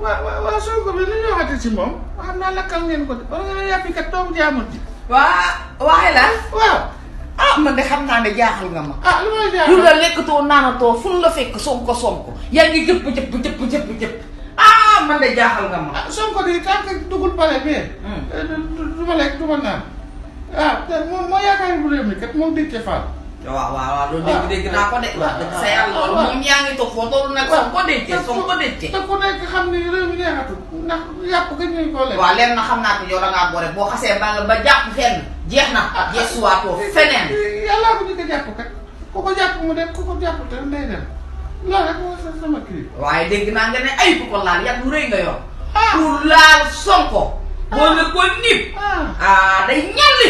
waa waaw waaw Sonko bi li ñu waxati ci moom xam naa lakkal ngeen ko de ba nga yàppi kat doomu jaamur ji. waaw waxee la. waaw. ah man de xam naa ne jaaxal nga ma. ah lu ma jaaxal lu la lekkatoo naanatoo la fekk Sonko Sonko yaa ngi jëpp jëpp jëpp jëpp jëpp. ah man de jaaxal nga ma. ah Sonko de tant que dugul pale bi. Hmm. Eh, du ma lekk du ma naan. waaw ah, te moom moo yaakaar bu réew mi kat moom dégg ca Fall. waaw waaw waaw loolu dégg dégg naa ko de. Ah, waaw waaw waaw ah, waaw moom yaa ngi foo loolu nag soo ko dencee soo ko dencee. te ku nekk xam ne réew mi neexatul ndax yàpp gën ñu ko lekk. waaw leen na xam naa ko yow da ngaa boo xasee ba ba jàpp fenn jeex na. ah jeexuwaatoo ah. feneen. yàllaa ko ñu ko jàpp kat ku ko jàpp mu dem ku ko jàpp te day dem loolu rek moo sa sama kii. waaye dégg naa nga ne ay ku ko laal yàpp mu rëy nga yor. ah pour laal sonko. ah boo ne ah. Ah, day ñalli.